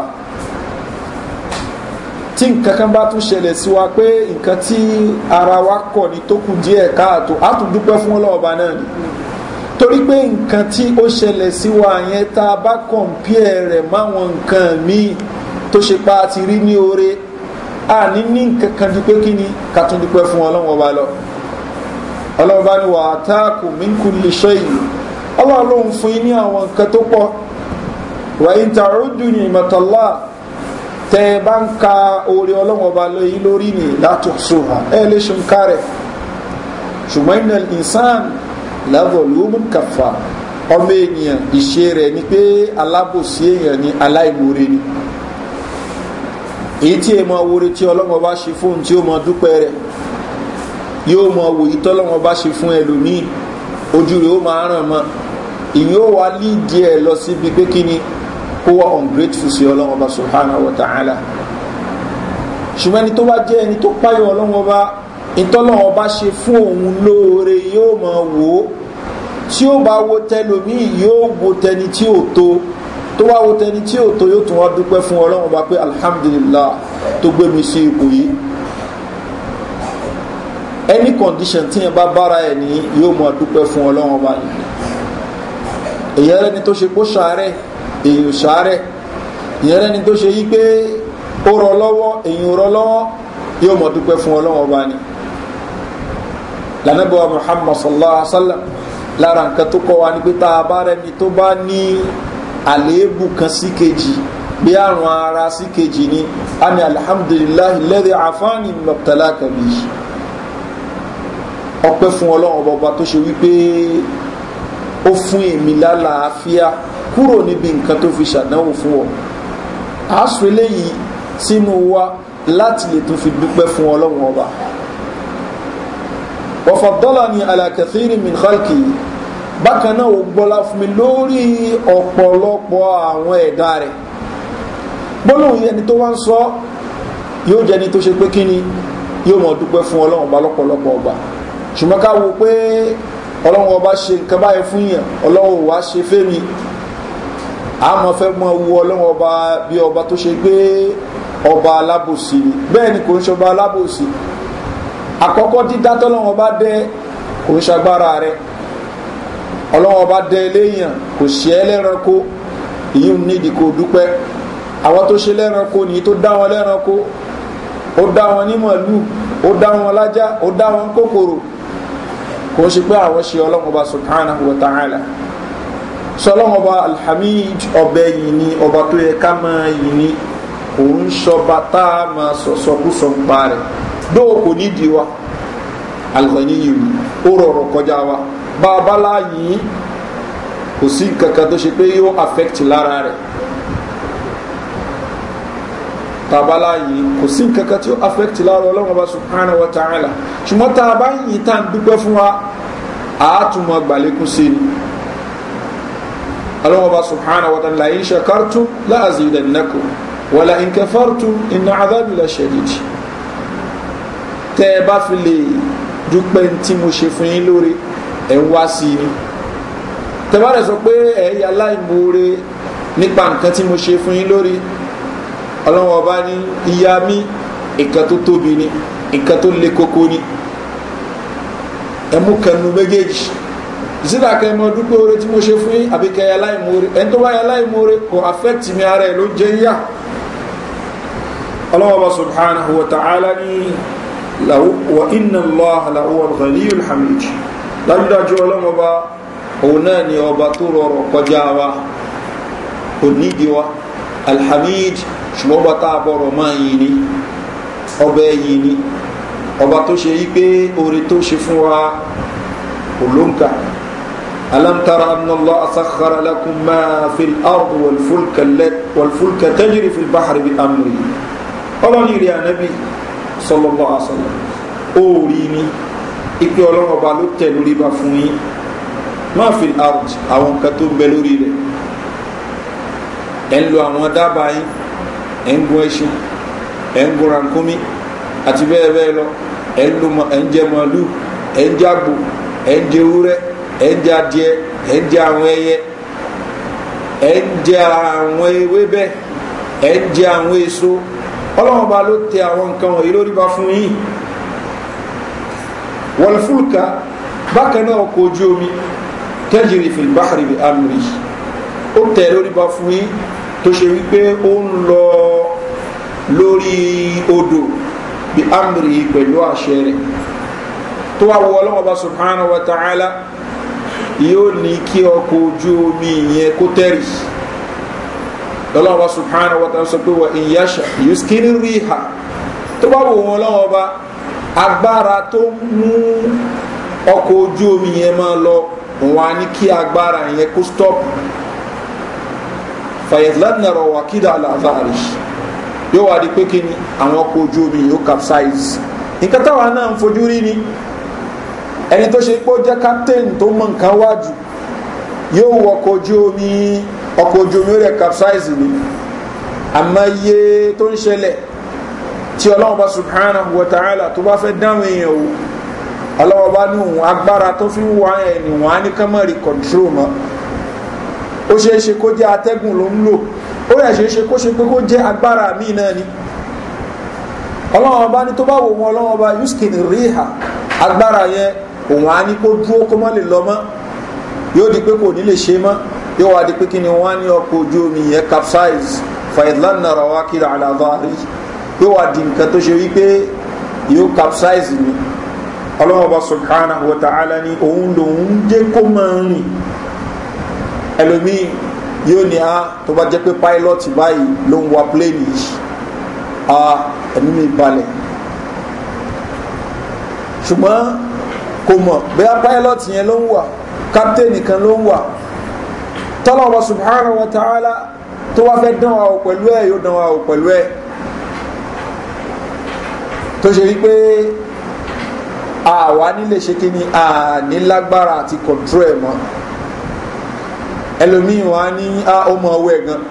tí nǹkan kan bá tún ṣẹlẹ̀ sí wa pé nǹkan tí ara wa kọ̀ ní tó kù díẹ̀ káàtó á tún dúpẹ́ fún ọlọ́ọ̀ba náà ni torí pé nǹkan tí ó ṣẹlẹ̀ sí wa yẹn tá a bá kọ̀m̀pìẹ̀ rẹ̀ máwọn nǹkan míì tó ṣe pa àti rí ní oore a ní ní nǹkan kan dúpẹ́ kí ni ká tún dúpẹ́ fún ọlọ́run ọba lọ ọlọ́run bá ní wà á táàkù mínkù lè ṣe yìí ọlọ́run ló ń fún yín ní àwọn nǹkan tó pọ̀ wà á ta ní ìmọ̀tọ́lá tẹ ẹ bá ń ka oore ọlọ́run ọba lọ yìí lórí ni látò ẹ lè ṣe ń ká ṣùgbọ́n ìnà ìsàn La lavolumun kafa ọmọ ènìyàn ìṣe rẹ̀ ni pé alábòsí èèyàn ni aláìmoore ni èyí tí èèmọ̀ wore tí ọlọ́mọ bá ṣe fún tí ó mọ dúpẹ́ rẹ̀ yóò mọ wòye tọ́lọ́mọ bá ṣe fún ẹlòmíì ojú rẹ̀ ó máa ràn mọ́ ìyẹn ó wá lídìí ẹ̀ lọ síbi pé kí ni kó wá ungrateful sí ọlọ́mọ subhanahu wa ta'ala ṣùgbọ́n ẹni tó bá jẹ́ ẹni tó páyọ̀ ọlọ́mọ ìtọ́lọ́wọ́ bá ṣe fún òun lóore yóò mọ̀ wò ó tí ó bá wo tẹlòmíì yóò wo tẹni tí ò tó tó wá wo tẹni tí ò tó yóò tún wá dúpẹ́ fún ọlọ́run bá pé alhamdulilah tó gbé mi sí ipò yìí any condition tí yẹn bá bára ẹ̀ ní yóò mọ̀ dúpẹ́ fún ọlọ́run bá yìí èyí ẹlẹ́ni tó ṣe kó ṣàárẹ̀ èyí ò ṣàárẹ̀ èyí ẹlẹ́ni tó ṣe yí pé ó rọ lọ́wọ́ èyí ò rọ lọ́wọ́ yóò mọ̀ dúpẹ́ fún ọlọ́run bá yìí lànàbọ̀ muhammad sallallahu alaihi wa sallam lára nǹkan tó kọ́ wa ni pé tá a bá rẹni tó bá ní àléébù kan sí kejì bí àrùn ara sí kejì ni a ní alhamdulilayi lẹ́dẹ̀ àfáàní mọ̀tàlá kàbí ọpẹ́ fún ọlọ́run ọba tó ṣe wípé ó fún èmi lálàáfíà kúrò níbi nǹkan tó fi ṣàdánwò fún ọ àásù eléyìí sínú wa láti lè tún fi dúpẹ́ fún ọlọ́run ọba wafadalani ala kathiri min khalki bákan náà ó gbọ́lá fún mi lórí ọ̀pọ̀lọpọ̀ àwọn ẹ̀dá rẹ̀ gbólóhùn ẹni tó wá ń sọ yóò jẹni tó ṣe pé kí ni yóò mọ̀ dúpẹ́ fún ọlọ́run ọba lọ́pọ̀lọpọ̀ ọba ṣùgbọ́n ká wo pé ọlọ́run ọba ṣe nǹkan báyìí fún yàn ọlọ́run ò wá ṣe fẹ́mi àmọ́ fẹ́ mọ wo ọlọ́run ọba bí ọba tó ṣe pé ọba alábòsí bẹ́ẹ̀ ni kò ń ṣọba alábòsí àkọ́kọ́ dídá tọ́lọ́wọ́n bá dẹ́ kò ń ṣagbára rẹ ọlọ́wọ́n bá dẹ́ eléyàn kò ṣe é lẹ́ranko ìyí ń nídìí kò dúpẹ́ àwọn tó ṣe lẹ́ranko nìyí tó dá wọn lẹ́ranko ó dá wọn ní màálù ó dá wọn lájá ó dá wọn kòkòrò kò ń ṣe pé àwọn ṣe ọlọ́wọ́n bá subhanahu wa ta'ala sọlọ́wọ́ba alhamid ọbẹ̀ yìí ni ọba tó yẹ ká máa yìí ni òun ṣọba tá a máa sọ̀sọ̀kú sọ̀npa rẹ̀ dóò kò nídìí wa alùpàní yìí rí ó rọrọ kọjá wa bá a bá láàyè kò sí kankan tó ṣe pé yóò affect lára rẹ̀ tàbá láàyè kò sí kankan tí ó affect lára ọlọ́run ọba subhanahu wa ta'ala ṣùgbọ́n tá a bá ń yìn tá à ń dúpẹ́ fún wa ni alọ́wọ́ba subhana wa ta'ala in shakartum la azidannakum wala in kafartum inna la shadid tẹ́ ẹ bá fi lè dúpẹ́ tí mo ṣe fún yín lóore ẹ̀ ń wá sí i ni tẹ́ bá rẹ̀ sọ pé ẹ̀ yà láìmoore nípa nǹkan tí mo ṣe fún yín lórí ọlọ́wọ́ ọba ní ìyá mi nǹkan tó tóbi ni nǹkan tó le koko ni ẹ mú kẹnu méjèèjì ìsìlá kẹ mọ dúpẹ́ oore tí mo ṣe fún yín àbí kẹ aláìmoore ẹni tó bá yẹ aláìmoore kò affect mi ara ẹ ló jẹ́ yá ọlọ́wọ́ ọba subhanahu wa ta'ala wa inna allah la huwa al-ghaniyul hamid dájúdájú ọlọ́run ọba òun náà ni ọba tó rọrọ̀ kọjá wa kò nídi wa alhamid ṣùgbọ́n ọba tá a bọ̀rọ̀ máa yìí ni ọba ẹ̀yìn ni ọba tó ṣe yí pé oore tó ṣe fún wa kò ló fi ardu walfulka bi amri ọlọ́run ìrìn ànábì sọlọ́lọ́ àṣọlọ́ ó rí ni ipe ọlọ́run ọba ló tẹ̀ lórí bá fún yín máa fi out àwọn nǹkan tó ń bẹ lórí rẹ̀ ẹ̀ ń lo àwọn dábàá yín ẹ̀ ń gun ẹṣin ẹ̀ ń gun rankumi àti bẹ́ẹ̀ bẹ́ẹ̀ lọ ẹ̀ ń lo ẹ̀ ń jẹ màálù ẹ̀ ń jágbó ẹ̀ ń jẹ ewúrẹ́ ẹ̀ ń jẹ adìẹ ẹ̀ ń jẹ àwọn ẹyẹ ẹ̀ ń jẹ àwọn ewébẹ̀ ẹ̀ ń jẹ àwọn èso ọlọ́run bá ló tẹ àwọn nǹkan wọ̀nyí lórí bá fún yín wọlfúlùkà bákan náà kò ojú omi tẹ́jìrì fìlbáhàrì bí amúrí ó tẹ lórí bá fún yín tó ṣe wípé ó ń lọ lórí odò bí amúrí pẹ̀lú àṣẹ rẹ̀ tó wà wọ ọlọ́run bá subhanahu wa ta'ala yóò ní kí ọkọ̀ ojú omi yẹn kó tẹ́rì lọ́lọ́wọ́ subhanahu wa ta'ala sọ pé wà ìyáṣà yuskini riha tó bá wò wọn lọ́wọ́ bá agbára tó mú ọkọ̀ ojú omi yẹn máa lọ wọn á ní kí agbára yẹn kó stop fayetlan nara wa kida alazari yóò wá di pé kí ni àwọn ọkọ̀ ojú omi yóò capsize nǹkan táwa náà ń fojú rí ni ẹni tó ṣe pé ó jẹ́ captain tó mọ nǹkan wájú yóò wọkọ̀ ojú omi yìí ọkọ̀ ojú omi rẹ̀ capsize ni àmọ́ iye tó ń ṣẹlẹ̀ tí ọlọ́run bá subhanahu wa ta'ala tó bá fẹ́ dáhùn èèyàn o ọlọ́run bá ní òun agbára tó fi ń wá ẹ̀ ní wọ́n á ní ká mọ̀ rí control mọ́ ó ṣeé ṣe kó jẹ́ atẹ́gùn ló ń lò ó rẹ̀ ṣeé ṣe kó ṣe pé kó jẹ́ agbára míì náà ni ọlọ́run ọba ní tó bá wò wọn ọlọ́run ọba yuskin riha agbára yẹn òun á ní kó dúró kó mọ́ lè lọ mọ́ yóò di pé kò ní lè ṣe mọ́ yóò wá di pé kí ni wọ́n ní ọkọ̀ ojú omi yẹn capsize fàìlànà rà wá kiri àlàáfáàrí yóò wá di nǹkan tó ṣe wípé yóò capsize ni ọlọ́mọba sọ̀kánà wọ̀tàálá ni òun lòun jẹ́ kó máa rìn ẹlòmíì yóò ní a ah, tó bá jẹ́ pé pilot báyìí ló ń wa plane yìí a ah, ẹ̀mí mi balẹ̀ ṣùgbọ́n kò mọ̀ bẹ́ẹ̀ pilot yẹn ló ń wà captain nìkan ló ń wà tọ́lọ́wọ́ subhanahu wa ta'ala tó wá fẹ́ dán wa ò pẹ̀lú ẹ̀ yóò dán wa ò pẹ̀lú ẹ̀ tó ṣe wípé àwa nílé ṣe kí ni àní lágbára àti kọ̀ǹtró ẹ̀ mọ́ ẹlòmíì wá ní ọmọ ọwọ́ ẹ̀ gan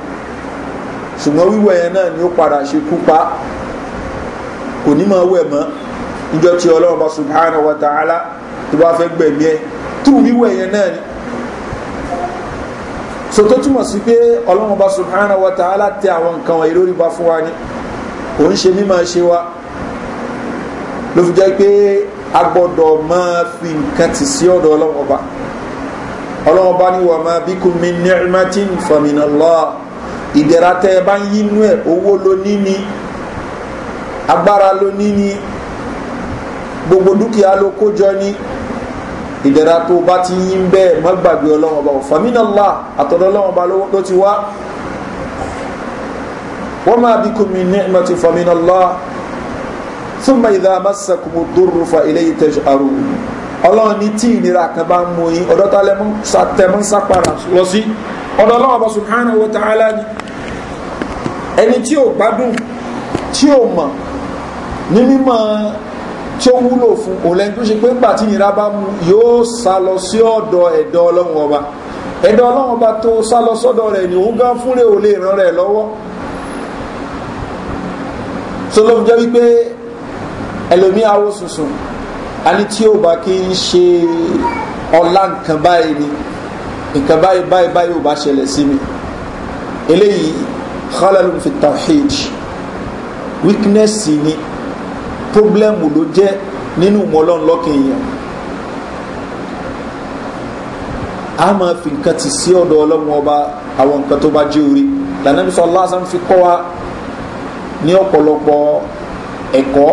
ṣùgbọ́n wíwọ̀ yẹn náà ni ó padà ṣe kú pa kò ní máa wẹ̀ mọ́ níjọ́ tí ọlọ́run bá subhanahu wa ta'ala tó bá fẹ́ gbẹ̀mí ẹ̀ tó wíwọ̀ yẹn náà ni so tó túmọ̀ sí pé ọlọ́run bá subhana wa ta'ala tẹ àwọn nǹkan wọ̀nyí lórí bá fún wa ni òun ṣe mímọ̀ ṣe wa ló fi jẹ́ pé a gbọ́dọ̀ máa fi nǹkan tì sí ọ̀dọ̀ ọlọ́run ọba ọlọ́run ọba ni wà máa bí kún mi ní ẹ̀rìmátìn fàmìnà lọ́à ìdẹ̀ra tẹ́ ẹ bá ń yínú ẹ̀ owó ló ní ni agbára ló ní ni gbogbo dúkìá ló kó jọ ni ìdẹ̀ra tó bá ti yín bẹ́ẹ̀ má gbàgbé ọlọ́wọ́n bá fàmínàlá àtọ̀dọ̀ ọlọ́wọ́n bá ló ti wá wọ́n máa bí kò mí ní ẹ̀mẹ́tì fàmínàlá súnmọ́ ìdá amásàkùnmù dúró fa ilé yìí tẹ̀sù àrùn ọlọ́run ní tí ìnira kan bá mú yín ọ̀dọ́ tẹ̀mú tí ó wúlò fún òlẹ́ni tó ṣe pé ńgbà tí ìnira bá mú yóò sá lọ sí ọ̀dọ̀ ẹ̀dọ̀ ọlọ́run ọba ẹ̀dọ̀ ọlọ́run ọba tó sá lọ sọ́dọ̀ rẹ̀ ni òun gan fúnlẹ̀ ò lè ràn rẹ̀ lọ́wọ́ tó ló fi jẹ́ wípé ẹlòmí awó sùnsùn ani tí ó bá kí ń ṣe ọlá nǹkan báyìí ni nǹkan báyìí báyìí báyìí ò bá ṣẹlẹ̀ sí mi eléyìí khalalun fi tawhid weakness ni pọ́blẹ́mù ló jẹ́ nínú mọ́lọ́n lọ́kàn èèyàn a máa fi nǹkan ti sí ọ̀dọ̀ ọlọ́run ọba àwọn nǹkan tó bá jẹ́ orí lànàbí sọ lásán fi kọ́ wa ní ọ̀pọ̀lọpọ̀ ẹ̀kọ́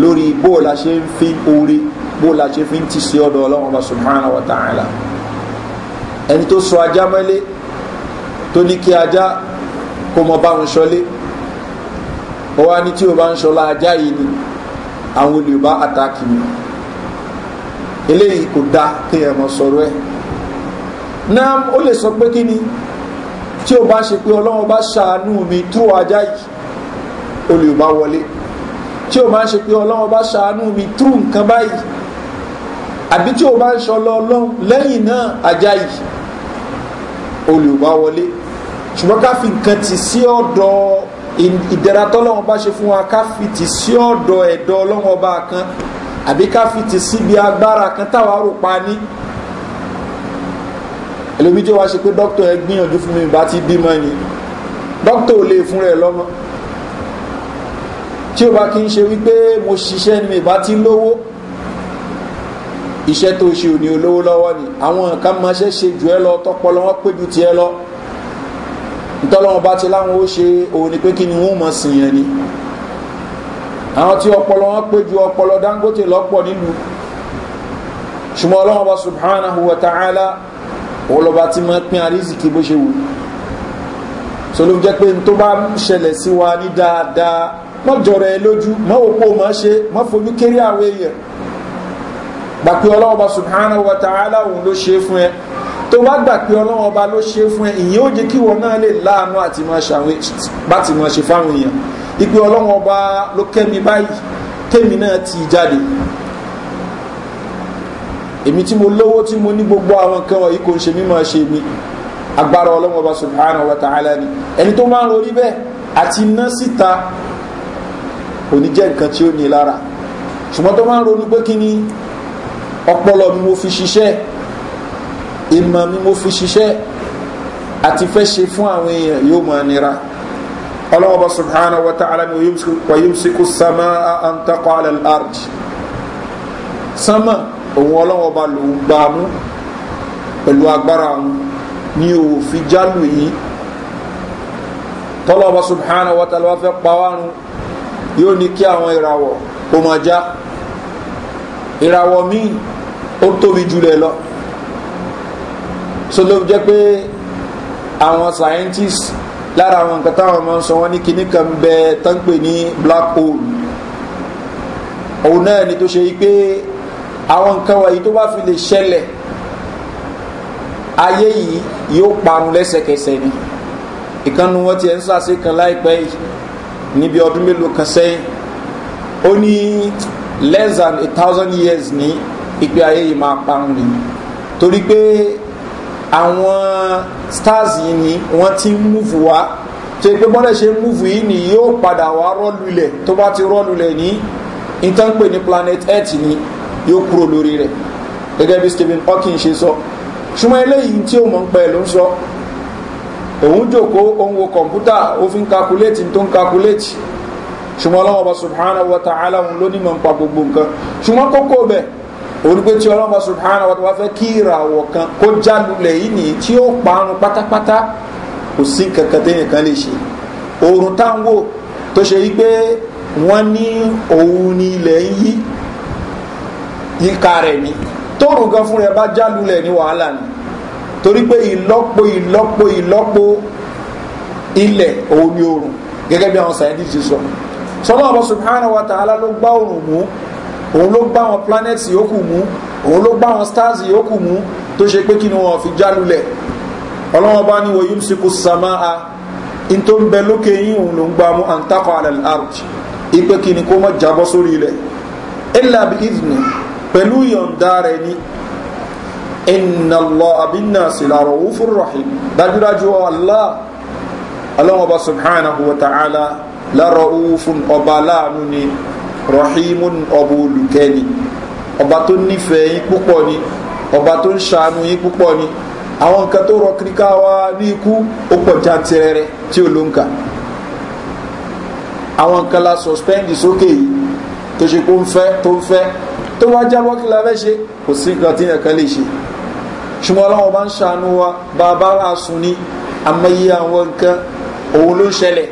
lórí bó la ṣe ń fi orí bó la ṣe fi ń ti sí ọ̀dọ̀ ọlọ́run ọba subhana wa ta'ala ẹni tó sọ ajá mọ́lé tó ní kí ajá kó mọ báwọn ṣọlé ó wá ní tí o bá ń ṣọlá ajá yìí ni àwọn olè bá àtàkì mi eléyìí kò dá kéèyàn mọ sọ̀rọ̀ ẹ̀ náà ó lè sọ pé kí ni tí o bá ṣe pé ọlọ́run bá ṣàánú mi tú ajá yìí olè bá wọlé tí o bá ṣe pé ọlọ́run bá ṣàánú mi tú nǹkan báyìí àbí tí o bá ń ṣọlọ ọlọ́run lẹ́yìn náà ajá yìí olè bá wọlé ṣùgbọ́n ká fi nǹkan tì sí ọ̀dọ̀ ìdẹ̀ra tọ́lọ́wọ́n bá ṣe fún wa ká fi tì sí ọ̀dọ̀ ẹ̀dọ́ ọlọ́wọ́n ọba kan àbí ká fi tì síbi agbára kan táwa rò pa ní ẹlòmí tí wàá ṣe pé dókítà ẹ gbìyànjú fún mi bá ti bímọ ni dókítà ò lè fún rẹ lọ́mọ tí o bá kí n ṣe wípé mo ṣiṣẹ́ ni mi bá ti lówó iṣẹ́ tó ṣe ò ní olówó lọ́wọ́ ni àwọn nǹkan máa ṣe ṣe jù ẹ lọ tọpọlọ wọn pé ju tiẹ lọ ìtọ́lọ́wọ́n bá ti láwọn ó ṣe òun ni pé kí ni wọ́n mọ̀ sìn yẹn ni àwọn tí ọpọlọ wọn pé ju ọpọlọ dangote lọ́pọ̀ nílùú ṣùgbọ́n ọlọ́wọ́n bá subhanahu wa ta'ala òun lọ́ba ti mọ̀ pín àríṣìkí bó ṣe wù so ló jẹ́ pé tó bá ń ṣẹlẹ̀ sí wa ní dáadáa mọ́ jọrọ ẹ lójú mọ́ òpó mọ́ ṣe mọ́ fojú kéré àwọn èèyàn gbà pé ọlọ́wọ́n bá subhanahu wa ta'ala òun ló ṣe fún ẹ tó bá gbà pé ọlọ́wọ́n ọba ló ṣe fún ẹ ìyẹn ó jẹ́ kí wọn náà lè láàánú àti máa ṣàwọn báti máa ṣe fáwọn èèyàn ìpè ọlọ́wọ́n ọba ló kẹ́mi báyìí kémi náà ti jáde èmi tí mo lówó tí mo ní gbogbo àwọn nǹkan wọ̀nyí kò ń ṣe mímọ́ ṣe mi agbára ọlọ́wọ́n ọba subhanahu wa ta'ala ni ẹni tó máa ń rorí bẹ́ẹ̀ àti iná síta kò ní jẹ́ nǹkan tí ó ní lára ṣùgbọ́n tó máa ń ronú pé kí ni ọpọlọ mi mo fi ṣiṣẹ́ ìmọ̀ mi mo fi ṣiṣẹ́ àti fẹ́ ṣe fún àwọn èèyàn yóò mọ̀ nira ọlọ́wọ́ba subhana wa ta'ala ni wàyímsíkú sama an takọ alẹ́ ard sama òun ọlọ́wọ́ba ló ń gbà mú pẹ̀lú agbára wọn ni ò fi jálù yìí tọ́lọ́wọ́ba subhana wa ta'ala wà fẹ́ pàwárun yóò ní kí àwọn ìràwọ̀ kó máa já ìràwọ̀ míì ó tóbi jùlẹ̀ lọ so ló jẹ́ pé àwọn scientists lára àwọn nǹkan táwọn máa ń sọ wọ́n ní kinní kan bẹ tán pè ní black hole òun náà ni tó ṣe yí pé àwọn nǹkan wọ̀nyí tó bá fi lè ṣẹlẹ̀ ayé yìí yóò parun lẹ́sẹ̀kẹsẹ̀ ni ìkànnì wọn ti ẹ̀ ń sàṣe kan láìpẹ́ yìí níbi ọdún mélòó kan sẹ́yìn ó ní less than a thousand years ní ìpè ayé yìí máa parun ni torí pé àwọn stars yìí ni wọ́n ti ń múfù wá tó pé bọ́dẹ̀ ṣe múfù yìí ni yóò padà wá rọ́lulẹ̀ tó bá ti rọ́lulẹ̀ ní ìtànpè ní planet earth ni yóò kúrò lórí rẹ̀ gẹ́gẹ́ bí stephen hawking ṣe sọ ṣùgbọ́n eléyìí tí ó mọ̀ ń pẹ́ ló ń sọ òun jòkó òun wo kọ̀mpútà ó fi ń kakuléètì tó ń kakuléètì ṣùgbọ́n ọlọ́wọ́ bá subhanahu wa ta'ala òun ló ní mọ̀ ń pa gbogbo nǹkan ṣùgbọ́n kókó bẹ́ẹ̀ orígbé tí ọlọ́mọ subhanahu wa ta'ala fẹ́ kí ìràwọ̀ kan kó já lulẹ̀ yìí nìyí tí ó parun pátápátá kò sí kankan téèyàn kan lè ṣe oorun táwọn tó ṣe yí pé wọ́n ní òun ni ilẹ̀ ń yí yíká rẹ̀ ni tóorùn gan fúnra ẹ bá já lulẹ̀ ní wàhálà ni torí pé ìlọ́po ìlọ́po ìlọ́po ilẹ̀ òun ni oorun gẹ́gẹ́ bí àwọn sàyẹ́ndì ti sọ sọlọ́mọ subhanahu wa ta'ala ló gbá oorun mú òun ló gbá wọn planets yòókù mú òun ló gbá wọn stars yòókù mú tó ṣe pé kí ni wọn fi jálulẹ̀ ọlọ́wọ́n bá ní wọ́yí síkú samáà in tó ń bẹ lókè yín òun ló ń gbá mú antakọ̀ alẹ́ arch ipe kí kó mọ́ jábọ́ sórí ilẹ̀ illa bi idni pẹ̀lú yọ̀ǹda rẹ̀ ni inna allah abinna silaro wufur rahim dájúdájú allah ọlọ́wọ́n bá subhanahu wa ta'ala lárọ̀ wufun ọba láàánú ni rahimun ọba olùkẹ́ni ọba tó nífẹ̀ẹ́ yín púpọ̀ ni ọba tó ń ṣàánú yín púpọ̀ ni àwọn nǹkan tó rọ kiri ká wá ní ikú ó pọ̀ já tirẹrẹ tí ó ló ń kà àwọn nǹkan la sọ̀spẹ́ndì sókè yìí tó ṣe kó ń fẹ́ tó ń fẹ́ tó wá jábọ́ kí la fẹ́ ṣe kò sí nǹkan tí nǹkan lè ṣe ṣùgbọ́n ọlọ́run bá ń ṣàánú wa bàbá àsùn ni àmọ́ àwọn nǹkan òun ló ń ṣẹlẹ̀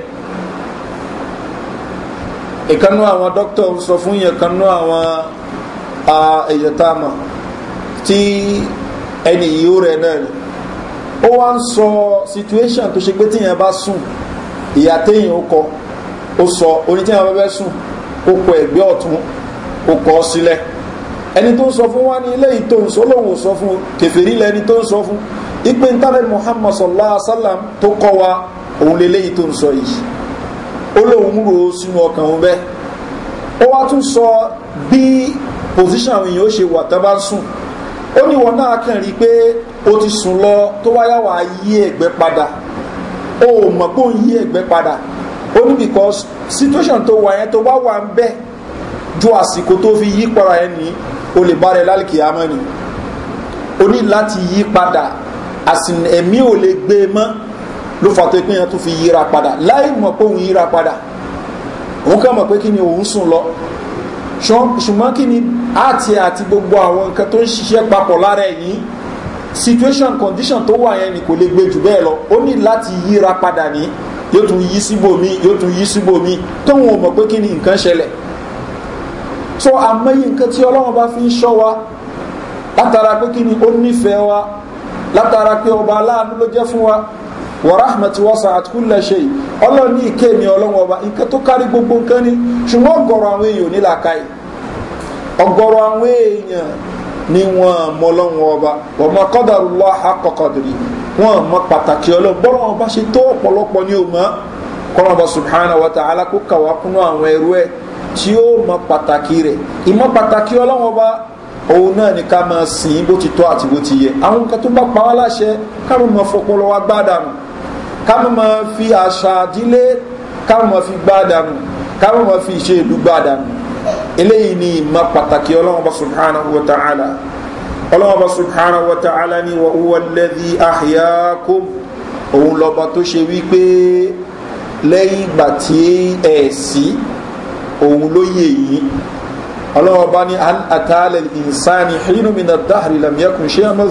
ìkanú àwọn dókítà ń sọ fún yẹn kanú àwọn èèyàn tá a mọ̀ tí ẹni ìyó rẹ̀ náà ni ó wá ń sọ situation tó ṣe pé tíyẹn bá sùn ìyá téèyàn ó kọ ó sọ onítíyẹn bá fẹ́ sùn ó kọ ẹ̀gbẹ́ ọ̀tún ó kọ ọ sílẹ̀ ẹni tó ń sọ fún wa ní ilé yìí tó ń sọ lóhùn sọ fún kẹfìrí lẹni tó ń sọ fún ìpè ntàrẹ sallallahu alaihi wa sallam tó kọ wa òun lè léyìí tó ń sọ yìí ó lóun rò ó sínú ọkàn òun bẹ́ẹ̀ ó wá tún sọ bí pòsíṣàn àwọn èèyàn ó ṣe wà tán bá ń sùn ó ní wọn náà kàn rí pé ó ti sùn lọ tó wáyà wà á yí ẹ̀gbẹ́ padà ó mọ̀ pé ó yí ẹ̀gbẹ́ padà ó ní because situation tó wà yẹn tó bá wà ń bẹ́ẹ̀ ju àsìkò tó fi yí padà yẹn ní o lè bá rẹ lálùkì àmọ́ ni o ní láti yí padà àsìn ẹ̀mí ò lè gbé e mọ́ ló fà tó pé yẹn tó fi yíra padà láì mọ̀ pé òun yíra padà òun kàn mọ̀ pé kí ni òun sùn lọ ṣùgbọ́n kí ni àti àti gbogbo àwọn nǹkan tó ń ṣiṣẹ́ papọ̀ lára ẹ̀yìn situation condition tó wà yẹn ni kò lè gbé jù bẹ́ẹ̀ lọ ó ní láti yíra padà ní yóò tún yí síbòmí yóò tún yí síbòmí tóun ò mọ̀ pé kí ni nǹkan ṣẹlẹ̀ so àmọ́yé nǹkan tí ọlọ́run bá fi ń ṣọ́ wa látara pé kí ni ó nífẹ̀ẹ́ wa látara pé ọba aláàánú ló jẹ́ fún wa wàràhàmàtí wọ́sàt wasa ṣe ọlọ́run ní ni ike ọlọ́run ọba tukari tó kárí gbogbo nǹkan ni àwọn èèyàn àwọn ni mọ pàtàkì ọba ṣe tó ọba wa ta'ala kó kàwá kúnú àwọn ẹrú ẹ tí ó mọ pàtàkì rẹ̀ ìmọ̀ pàtàkì òun náà ni ká máa sìn bó ti tọ́ àti bó ti yẹ àwọn nǹkan tó bá pa wá láṣẹ káwọn mọ fi àṣà àdílé káwọn mọ fi gbá dànù káwọn mọ fi ìṣe ìlú gbá dànù eléyìí ni ìmọ̀ pàtàkì ọlọ́wọ́n bá subhanahu wa ta'ala ọlọ́wọ́n bá subhanahu wa ta'ala ni wà wúwa lẹ́dí àhíyákóm òun lọ́ba tó ṣe wípé lẹ́yìn ìgbà tí ẹ̀ sí òun ló yẹ yìí ọlọ́wọ́n bá ní àtàlẹ̀ ìsáni hínú mi náà dáhàrí làmìyàkùn ṣé àmọ́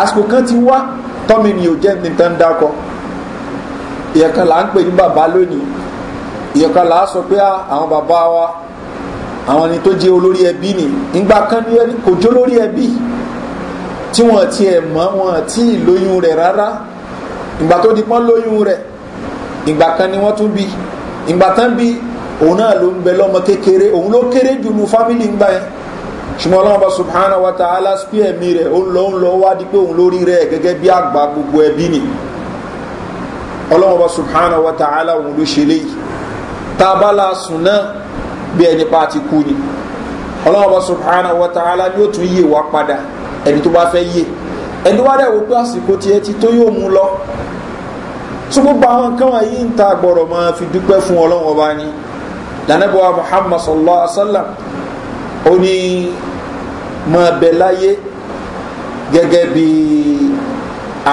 àsìkò kan ti wá tọ́mìnì ò jẹ́ nìkan dákọ̀ọ́ ìyẹn kan là ń pè ní bàbá lónìí ìyẹn kan là á sọ pé àwọn bàbá wa àwọn ẹni tó jẹ́ olórí ẹbí ni ìgbà kan ní ẹni kò jó lórí ẹbí tí wọ́n ti ẹ̀ mọ́ wọn tí ì lóyún rẹ̀ rárá ìgbà tó di pọ́n lóyún rẹ̀ ìgbà kan ni wọ́n tún bí ìgbà tán bí òun náà ló ń bẹ lọ́mọ kékeré òun ló kéré jù nu fámìlì ń gbà yẹn ṣùgbọ́n ọlọ́run bá subhanahu wa ta'ala spí ẹ̀mí rẹ̀ ó ń lọ ń lọ wá di pé òun lórí rẹ̀ gẹ́gẹ́ bí àgbà gbogbo ẹbí ni ọlọ́wọ́n bá subhanahu wa ta'ala òun ló ṣe léyìí tá a bá la sùn náà bí ẹni pa ti kú ni ọlọ́wọ́n bá subhanahu wa ta'ala ni ó tún yé wa padà ẹni tó bá fẹ́ yé ẹni tó bá dẹ̀ wò pé àsìkò tiẹ̀ ti tó yóò mú lọ tó gbogbo àwọn nǹkan wọ̀nyí ń ta gbọ́dọ̀ máa fi dúpẹ́ fún ọlọ́wọ́n bá ní muhammad sallallahu alaihi wa sallam ó ní máa bẹ̀ láyé gẹ́gẹ́ bí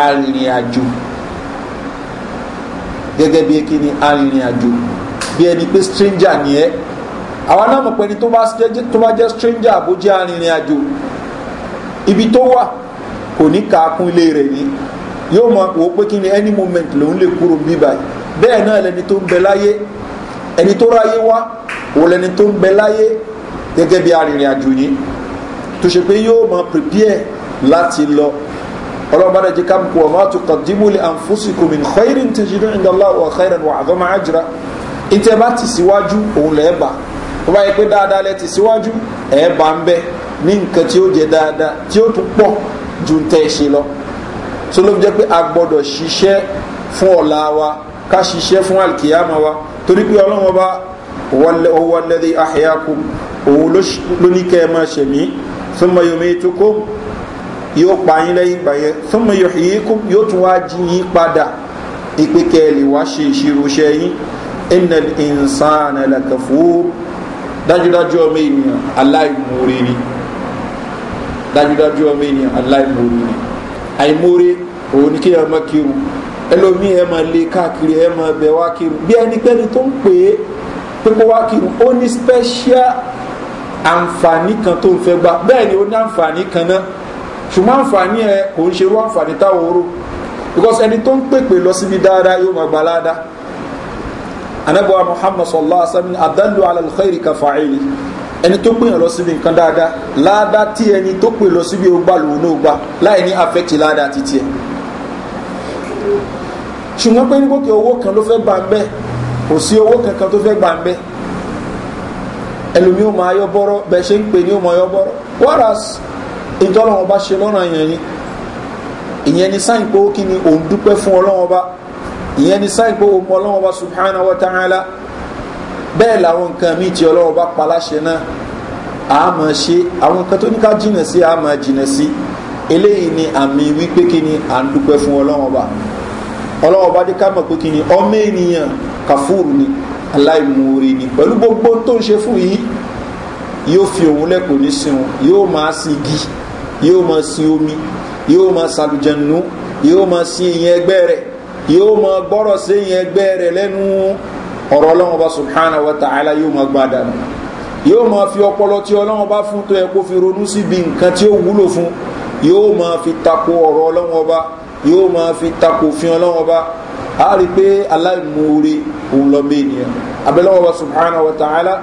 arìnrìn àjò gẹ́gẹ́ bí kí ni arìnrìn àjò bí ẹni pé stranger ni ẹ́ àwọn náà mọ̀ pé ni tó bá jẹ́ stranger àbó jẹ́ arìnrìn àjò ibi tó wà kò ní kaakun ilé rẹ̀ ni yóò mọ̀ wò pé kí ni any moment lòun lè kúrò bíbá yìí bẹ́ẹ̀ náà lẹni tó ń bẹ láyé ẹni tó ráyé wá wò lẹni tó ń bẹ láyé gẹ́gẹ́ bí arìnrìn àjò yìí tó ṣe pé yóò mọ̀ prepare láti lọ ọlọ́mọ náà jẹ́ ká mú wa máa tó kàdímù lè àǹfóṣìkò mi khairin tẹ̀ jìnnà ìdá aláwọ̀ khairin wà àdọ́mà àjìrá ìtẹ́ bá ti síwájú òun lẹ́ẹ̀ bá tó bá yẹ pé dáadáa lẹ ti síwájú ẹ̀ bá ń bẹ ní nǹkan tí ó jẹ dáadáa tí ó tún pọ̀ ju tẹ́ ẹ ṣe lọ tó ló jẹ́ pé a gbọ́dọ̀ ṣiṣẹ́ fún ọ̀la wa ká ṣiṣẹ́ fún alkiyama wa torí pé ọlọ́wọ́n bá yóò pa yín lẹ́yìn ìgbà yẹn fúnmi yòókùn yóò tún wá jí yín padà ìpè kẹ́ẹ̀lì wá ṣe ìṣirò ṣẹ́ yín ẹnna ìnsán ẹlẹ́kẹ̀fọ́ dájúdájú ọmọ ènìyàn aláìmoore ni dájúdájú ọmọ ènìyàn aláìmoore ni àìmoore òun ni kí ẹ mọ kírun ẹlòmíì ẹ máa lé káàkiri ẹ máa bẹ wá kírun bí ẹnikẹ́ni tó ń pè é pé wá kírun ó ní special àǹfààní kan tó ń fẹ́ gbà bẹ́ẹ̀ ni ó ní àǹfààní kan náà ṣùgbọ́n àǹfààní ẹ kò ń ṣerú àǹfààní táwọn because ẹni tó ń pèpè lọ síbi dáadáa yóò máa gbà ládàá anabuwa muhammad sallallahu alaihi wa sallam adalu alal khairi ka fa'ili ẹni tó pèyàn lọ síbi nǹkan dáadáa ládàá tí ẹni tó pè lọ síbi ogbà lòun náà gbà láì ní àfẹ́tì ládàá títí ẹ ṣùgbọ́n pé nígbòkè owó kan ló fẹ́ gbà ń bẹ́ kò sí owó kankan tó fẹ́ gbà ń bẹ́ ẹlòmí ò máa yọ bọ́rọ́ bẹ́ẹ̀ ṣe ń pè ní ò máa yọ bọ́rọ́ whereas ìtọ́lọ́wọ́n bá ṣe lọ́nà yẹn ni ìyẹn ni sáyìn pé ó kí ni òun dúpẹ́ fún ọlọ́wọ́n bá ìyẹn ni sáyìn pé òun ọlọ́wọ́n bá subhana wa ta'ala bẹ́ẹ̀ làwọn nǹkan míì tí ọlọ́wọ́n bá paláṣẹ náà a máa ṣe àwọn nǹkan tó ní ká jìnà sí a máa jìnà sí eléyìí ni àmì wípé kí ni à ń dúpẹ́ fún ọlọ́wọ́n bá ọlọ́wọ́n bá dé ká mọ̀ pé kí ni ọmọ ènìyàn kàfúrù ni aláìmoore ni pẹ̀lú gbogbo tó ń ṣe fún yìí yóò fi òun lẹ́kọ̀ọ́ ní sin yóò máa sin igi yóò máa sin omi yóò máa sàlùjẹ̀nù yóò máa sin ìyẹn ẹgbẹ́ rẹ̀ yóò máa gbọ́rọ̀ sí ìyẹn ẹgbẹ́ rẹ̀ lẹ́nu ọ̀rọ̀ ọlọ́run bá subhana wa ta'ala yóò máa gbá dànù yóò máa fi ọpọlọ tí ọlọ́run bá fún tó yẹ kó fi ronú síbi nǹkan tí ó wúlò fún yóò máa fi tako ọ̀rọ̀ ọlọ́run ọba yóò máa fi tako òfin ọlọ́run ọba a rí pé aláìmoore òun lọ bẹ́ẹ̀ nìyẹn abẹ́lẹ́wọ̀n subhana wa ta'ala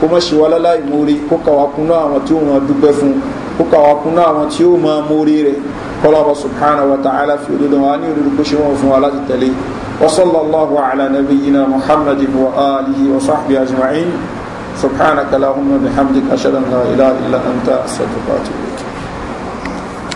kó má ṣe wá láláìmoore kó kàwá kúnná àwọn tí ó wọn fún un kó kàwá kúnná àwọn tí ó máa mórí rẹ̀ kọ́lọ́bà subhana wa ta'ala fi òdodo wa ní òdodo kó ṣe wọn fún wa láti tẹ̀lé وصلى الله على نبينا محمد وآله وصحبه أجمعين سبحانك اللهم بحمدك أشهد أن لا إله إلا أنت أستغفرك